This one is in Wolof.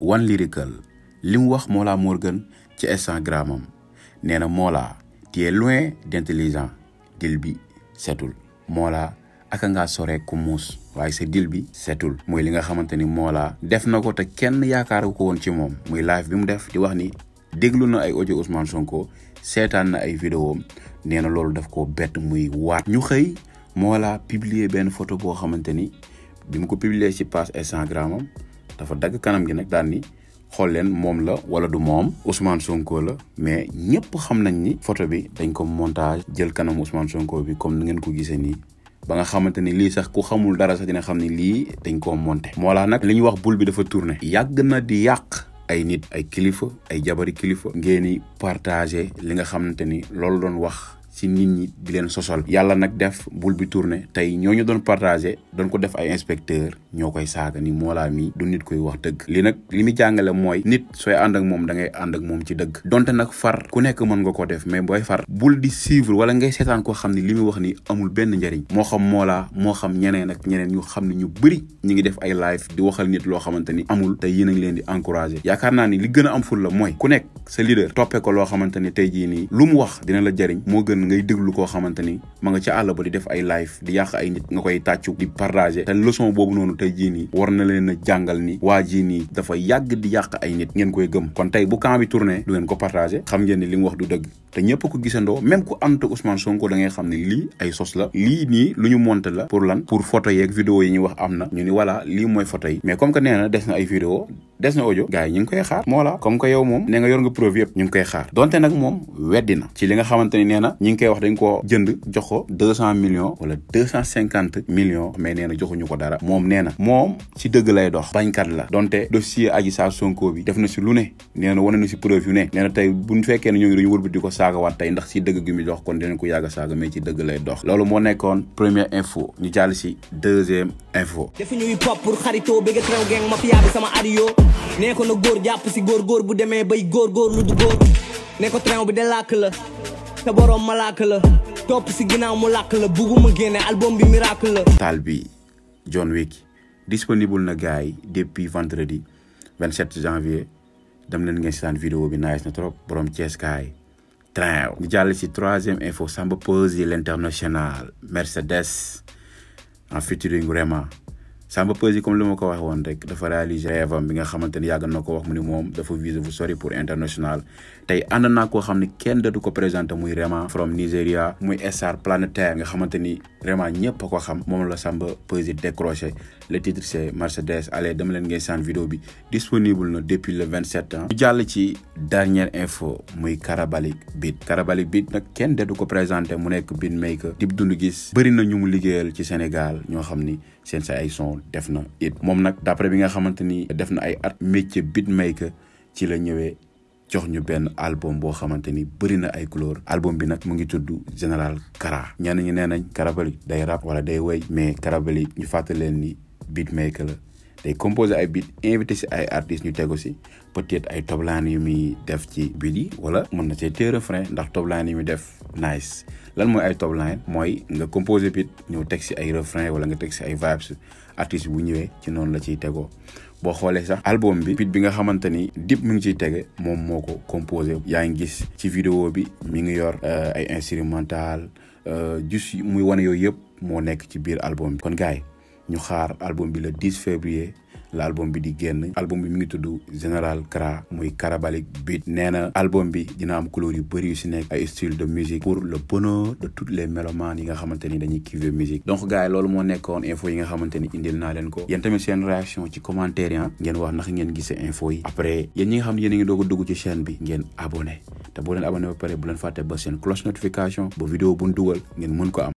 One Lyrical li mu wax Mollah Morgun ci Instagram am nee na Mollah tu es loin d'intelligent dil bi setul moola aka ngaa sore ku muus waaye sa dil bi setul mooy linga nga xamante ni Mollah def na ko te kenn yaakaaru ko woon ci moom muy live bi mu def di wax ni déglu na ay audio Ousmane Sonko seetaan na ay vidéo am na loolu daf ko bett muy waat ñu xëy Mollah publier benn photo boo xamante ni bi ko publier ci page Instagram am dafa dagg kanam gi nag daan ni xool leen moom la wala du moom Ousmane Sonko la mais ñëpp xam nañ ni photo bi dañ ko montage jël kanam Ousmane Sonko bi comme ni ngeen ko gisee nii ba nga xamante ni lii sax ku xamul dara sax dina xam ni lii dañ koo monté moo nag li ñuy wax bul bi dafa tourné yàgg na di yàq ay nit ay kilifa ay jabari kilifa ngeen i partagé li nga xamante ni loolu doon wax ci nit ñi di leen sosol yàlla nag def bul bi tourné tey ñooñu doon partagé doon ko def ay inspecteur ñoo koy saaga ni moolaa mi du nit koy wax dëgg li nag li mi jàngale mooy nit sooy ànd ak moom da ngay ànd ak moom ci dëgg donte nag far ku nekk mën nga ko def mais booy far bul di suivre wala ngay seetaan koo xam ni li muy wax ni amul benn njariñ moo xam laa moo xam ñeneen ak ñeneen ñu xam ne ñu bëri ñu ngi def ay life di waxal nit loo xamante ni amul te yéen a ngi leen di encouragé yaakaar naa ni li gën a am ful la mooy ku nekk sa leader toppe ko loo xamante ni tey jii nii lu mu wax dina la jariñ moo gën ngay déglu koo xamante ni ma nga ci àll ba di def ay live di yàq ay nit nga koy tàccu di partager te leçon boobu noonu tey jii nii war na leen jàngal ni waa ji nii dafa yàgg di yàq ay nit ngeen koy gëm kon tey bu camp bi tourné du ngeen ko partager xam ngeen ni li mu wax du dëgg te ñëpp ko gisandoo même ku ànd ak Ousmane Sonko da ngay xam ni lii ay sos la lii nii lu ñu monté la pour lan pour photo yeeg vidéo yi ñu wax am na ñu ni voilà lii mooy photo yi mais comme que nee na des ay vidéo des na audio gars yi koy xaar moo la comme que moom ne nga yor nga preuve yëpp ñu ngi koy xaar donte na ci li nga xamante ni nee ko deux moom nee na moom si dëgg lay dox la donte dossier Adji Sarr bi def na si lu ne na wane na si preuve yu ne nee na tey buñ fekkee ne ko a saaga mais moo nekkoon première info ñu jàll si deuxième info defu ñuy pop pour xaritoo bëgg traw sama adio nee ko na góor jàpp si góor góor bu demee bay góor góor lu du góor nee ko bi de làkk la te boroom ma làkk la topp si ginnaaw mu làkk la bugguma génne album bi miracle la taal bi John Wick disponible na gars yi depuis vendredi 27 janvier dem leen ngeen seetaan vidéo bi nice na trop borom Thiès kaay train ñu jàll si troisième info Samba Peuzzi l'international Mercedes en featuring vraiment Samba Peuzzi comme li ma wax won rek dafa réaliser rêve am bi nga xamanteni ni yàgg wax mu mom dafa viser vous sori pour international tay andana ko xamni xam da du ko présenter muy Rema from Nigeria muy star planétaire nga xamanteni vraiment ñëpp ko xam moom la Samba Peuzzi décroché le titre c'est Mercedes allez dama leen ngay saan vidéo bi disponible na depuis le 27 ans. ñu jàll ci dernière info muy Karabali Beat Karabali Beat nag kenn de du ko présenté mu nekk beat maker Dip Doundou Guiss bëri na ñu mu liggéeyal ci Sénégal ñoo xam ni seen say ay son def na it moom nag d'après bi nga xamante ni def na ay at métier maker ci la ñëwee. jox ñu benn album boo xamante ni bëri na ay couleur album bi nag mu ngi tudd général Kara ñenn ñi nee nañ Karabali day rap wala day woy mais Karabali ñu fàttali leen ni beatmaker la day composé ay beat invité si ay artistes ñu tegu si peut-être ay toblaan yu muy def ci beat yi wala mën na see téye refrain ndax toblaan yu muy def nice lan mooy ay toblaan mooy nga composé beat ñëw teg si ay refrain wala nga teg si ay vibes artiste bu ñëwee ci noonu la ciy tegoo boo xoolee sax album bi beat bi nga xamante ni Dip mi ngi ciy tege moom moo ko composé yaa ngi gis ci vidéo bi mi ngi yor euh, ay instrumental euh, juste muy wane yooyu yëpp moo nekk ci biir album bi kon gars yi ñu xaar album bi le 10 février L'album bi di génn album bi mi ngi tudd Général Kra muy Karabalik Beat nee na album bi dina am couleur yu bëri yu si nekk ay style de musique pour le bonheur de toutes les mélomanes yi nga xamante ni dañuy kii musique donc gars yi loolu moo nekkoon info yi nga xamante ni indil naa leen ko yéen tamit seen réaction ci commentaire yi ah, ngeen wax naka ngeen gisee info yi après yéen ñi nga xam ne yéen a ngi doog a dugg ci chaîne bi ngeen abonné te boo leen abonné ba pare bu leen fàtte ba seen cloche notification ba vidéo buñ dugal ngeen mën ko am